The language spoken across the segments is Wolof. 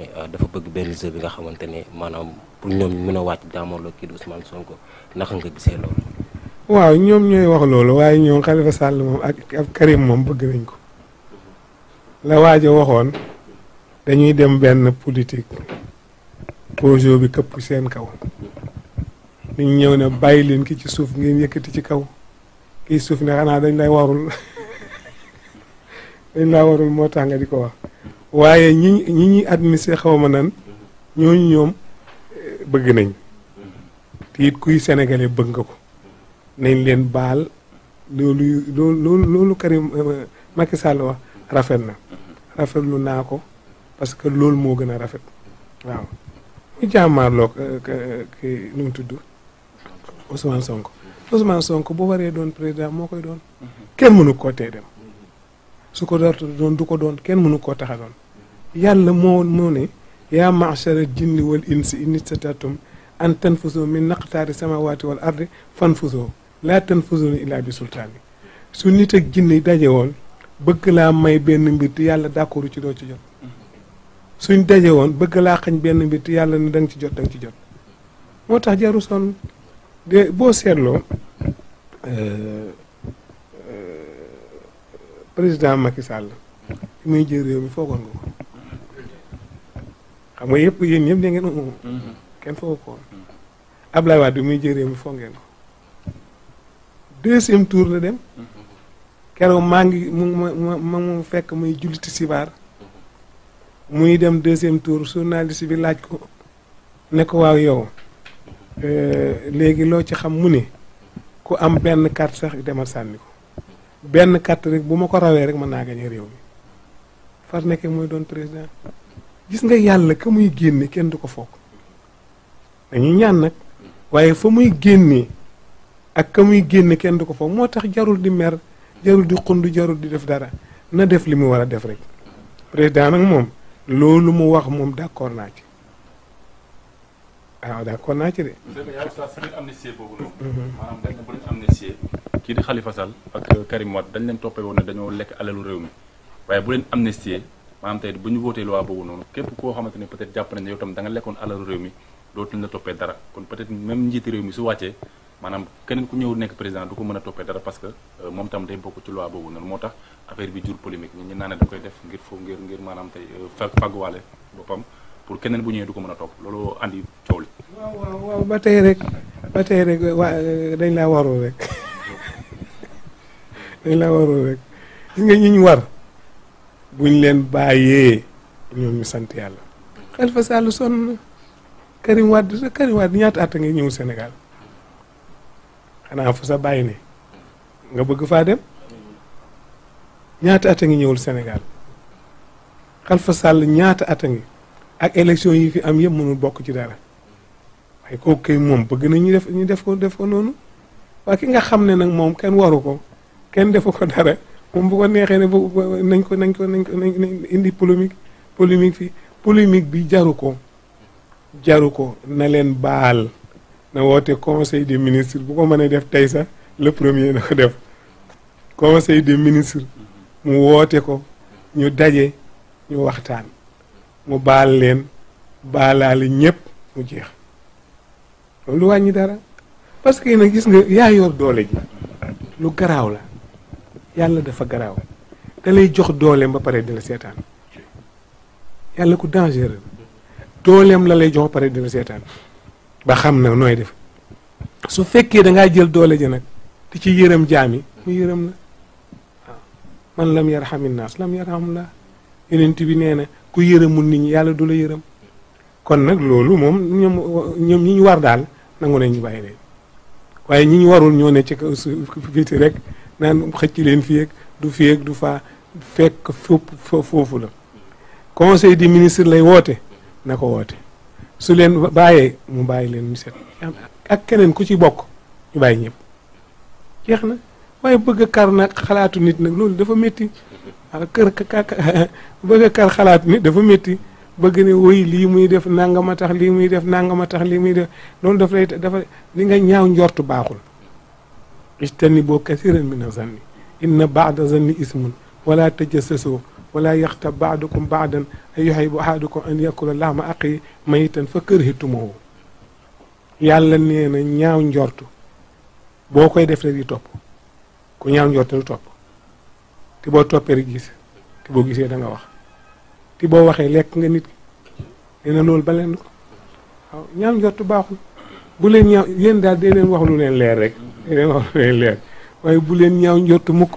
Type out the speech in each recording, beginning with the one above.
Euh, dafa bëgg benn jeu bi nga xamante ne maanaam pour ñoom ñu mën a wàcc jaamono kii di Ousmane Sonko naka nga gisee loolu. waaw ñoom ñooy wax loolu waaye ñoom Khalifa Sall moom ak ak Karim moom bëgg nañ ko la waaja waxoon dañuy dem benn politique projet bi këpp seen kaw ñu ñëw ne bàyyi leen ki ci suuf ngi yëkkati ci kaw kii suuf ne xanaa dañ lay warul dañ laa warul moo tax nga di ko wax. waaye ñi ñi ñuy administré xaw ma nan ñooñu ñoom eh, bëgg nañ tiit kuy sénégalais bëgg nga ko nañ leen baal loolu loolu loolu Karim eh, Macky Sall rafet na rafetlu naa ko parce que loolu moo gën a rafet waaw mu jàmmaarloo eh, ki nu mu tudd Ousmane Sonko Ousmane Sonko bu waree doon président moo koy doon kenn mënu ko tee dem su ko doon doon du ko doon kenn mënu koo taxa doon yàlla moo moo ne yaa machara jinni wal insi in istatatum an tanfusoo min naqtaari samawaati wal ardi fanfusoo laa tanfusoo illaa bi sultaani su nit ak jinni daje woon bëgg laa may benn mbir te yàlla d'accordu ci doo ci jot suñ daje woon bëgg laa xañ benn mbir te yàlla ne da ci jot da ci jot moo tax jaru sonn boo seetloo euh, président Macky Sall muy jël réew mi foogoon nga ko xam nga yëpp yéen ñëpp ne ngeen kenn foog ko woon Ablaye Wade bi muy jël réew mi foog ngeen ko deuxième tour la dem keroog maa ngi mu ma mu fekk muy julliti sibaar muy dem deuxième tour journaliste bi laaj ko ne ko waaw yow euh, léegi loo ci xam mu ni ku am benn carte sax demal sànni ko benn carte rek bu ma ko rawee rek mën naa gañe réew mi far nekk mooy doon président gis nga yàlla ka muy génne kenn du ko foog dañuy ñaan nag waaye fa muy génnee ak ka muy génne kenn du ko foog moo tax jarul di mer jarul di xund jarul di def dara na def li mu war a def rek président nag moom loolu mu wax moom d'accord naa ci waaw ah, d'accord naa ci de. yàlla saa si biir boobu noonu. Mhm. maanaam kii di Khalifa Sall ak euh, Karim Wade leen toppee woon ne dañoo lekk alalu réew mi waaye bu leen amnistier maanaam tey bu ñu voté loi boobu noonu képp koo xamante ne peut jàpp nañ ne yow tam da lekkoon alalu réew mi dootuñ la toppee dara kon peut euh, moom tam day bokk ci loi boobu noonu moo tax affaire bi jur polémique ñi ñu naan da koy def ngir foofu ngir ngir maanaam tey euh, fagguwaale boppam pour keneen bu ñëwee du ko mën a topp loolu dañ la waroon rek gis nga ñi war buñ leen bàyyee ñoom ñu sant yàlla. Khalifa Sall sonn na Karim Wade Karim Wade ñaata at nga xanaa fu sa bàyyi ne nga bëgg faa dem ñaata at ngi ñëwul senegal Sénégal Khalifa sàll ñaata at ngi ak élection yi fi am yëpp mënul bokk ci dara waaye kooku kay moom bëgg na ñu def ñu def ko def ko noonu waaye ki nga xam ne nag moom kenn waru ko kenn defu ko dara moom bu ko neexee ne bu nañ ko nañ ko nañ ko nañ indi polémique polémique fii polémique bi jaru ko jaru ko na leen baal na woote conseil des ministres bu ko mënee def tey sax le premier na ko def conseil des ministres mu woote ko ñu daje ñu waxtaan mu baal leen baalaale ñëpp mu jeex loolu wàññi dara parce que nag gis nga yaa yor doole ji lu garaaw la yàlla dafa garaaw da jox dooleem ba pare di la seetaan yàlla ku dangereux dooleem la lay jox ba pare di la seetaan ba xam na nooy def su fekkee da ngaa jël doole ji nag te ci yërëm jaami mu yërëm la man lam yarhamin naas lam yarhamullah yonent bi nee na ku yërëmul nit ñi yàlla du la yërëm kon nag loolu moom ñoom ñoom ñu war daal nangu nañ ñu bàyyi leen waaye ñi ñu warul ñoo ne ci kaw suuf rek naan xëcc leen fii ak du fii ak du faa fekk fépp foofu la conseil di ministres lay woote na ko woote su leen bàyyee mu bàyyi leen ñu set ak keneen ku ci bokk ñu bàyyi ñëpp jeex na waaye bëgg a kar nag xalaatu nit nag loolu dafa metti kër bëgg ni kar dafa métti bëgg ne woy lii muy def nangama tax lii muy def nangama tax lii muy def loolu dafa lay dafa li nga ñaaw njortu baaxul ijtaniboo kasiran mina zanni inna baada zanni ismun wala tajasasoo wala yaxtab baadukum baadan ay yuhibbu ahadukum an yakula lahma axi mayitan fa karihitumuhu yàlla ñaaw njortu boo koy def rek di topp ku ñaaw njortu du topp te boo toppee rek gis te boo gisee da nga wax te boo waxee lekk nga nit nee na loolu ba leen ko ñaaw njortu baaxul bu leen ñaaw yéen daal dee leen wax lu leen leer rek yéen waaye bu leen ñaw njort mukk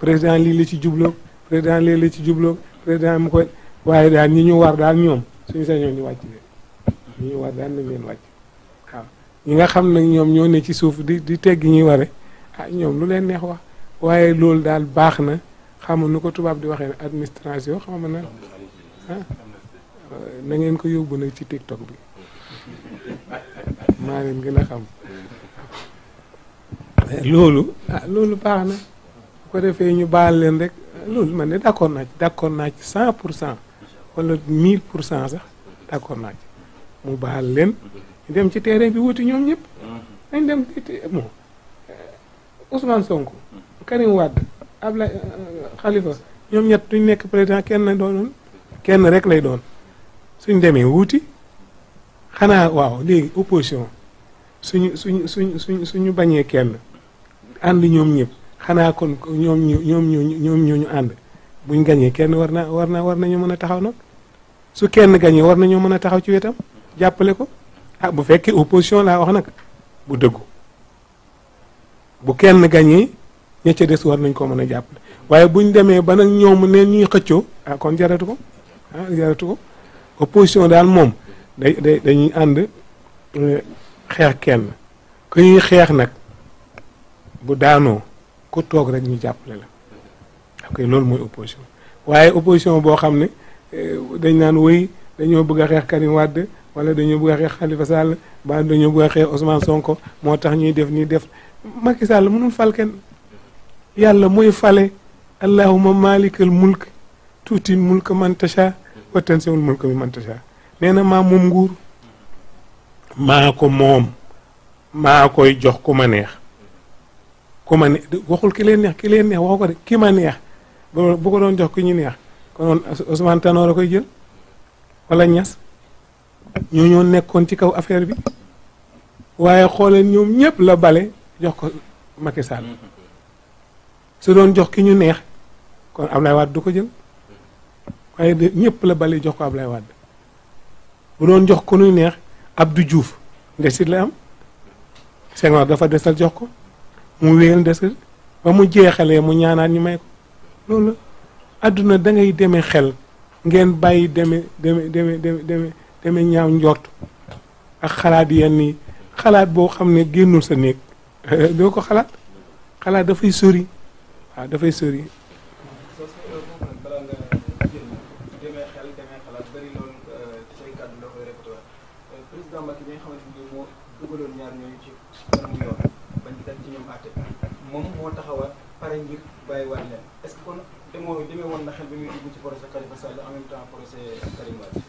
président lii la ci jubloo président lii la ci jubloo président mu koy waaye daal ñi ñu war daal ñoom suñu sañoon ñu wàcc leen ñu war daal nañ leen wàcc ñi nga xam nag ñoom ñoo ne ci suuf di di tegg ñuy ware ah ñoom lu leen neex wax waaye loolu daal baax na xamul nu ko tubaab di waxee ne administration xam na ah na ngeen ko yóbbu nag ci TikTok bi maa leen gën a xam loolu ah loolu baax ko defee ñu baal leen rek loolu man ne d'accord naa ci d'accord cent pour cent wala mille pour cent sax d'accord naa ci mu baal leen ñu dem ci terrain bi wuti ñoom ñëpp dañ dem moom eh, Ousmane Sonko Karim eh, ñoom ñett duñ nekk président kenn la kenn rek lay doon suñ demee wuuti xanaa waaw léegi opposition suñ suñ suñ suñ suñu bañee kenn ànd ñoom ñëpp xanaa kon ñoom ñu ñoom ñu ñoom ñooñu ànd buñ gañee kenn war na war na war nañoo mën a taxaw noonu su kenn gañee war nañoo mën a taxaw ci wetam jàppale ko ah bu fekkee opposition laa wax nag bu dëggu bu kenn gañee ña ca des war nañ ko mën a jàppale waaye buñ demee ba nag ñoom ne ñuy xëccoo ah kon jaratu ko ah jaratu ko opposition daal moom day day dañuy ànd eh, xeex kenn ku ñuy xeex nag. bu daanoo ku toog rek ñu jàppale la ok loolu mooy opposition waaye opposition boo xam ne eh, dañ naan wéy dañoo bëgg a xeex Karim Wade wala dañoo bëgg a xeex Khalifa Sall ba dañoo bëgg a xeex Ousmane Sonko moo tax ñuy def nii def Macky Sall mënul falke yàlla muy fale allahuma malikal mulk tuutin mulk man tasha wa tansewul mulk man tasha nee na maa moom nguur maa ko moom maa koy jox ku ma neex ku ma waxul ki leen neex ki leen neex waxu ko de ki ma neex bu ko doon jox ki ñu neex konoon Ousmane Tanor a koy jël wala Niass ñoo nekkoon ci kaw affaire bi waaye xooleen ñoom ñëpp la bale jox ko Macky jox ki ñu neex kon Ablaye Wade du ko jël waaye ñëpp la bale jox ko Ablaye Wade bu doon jox ko nuy neex Abdou Diouf ndesit la am Senghor dafa desal jox ko mu wéyal des ba mu jeexalee mu ñaanaat ñu may ko loolu àdduna adduna da ngay demee xel ngeen bàyyi deme deme deme deme deme ñaaw njort ak xalaat yenn boo xam ne génnul sa néeg doo ko xalaat xalaat dafay sori waaw dafay sori. président Macky bi dal ci ñoom àtte ak moom moo taxawaat pare ngir bàyyiwaat leen est-ce que kon demoo demee woon na xel bi muy dugg ci procès Khalifa Sall en même temps procès Karim Wade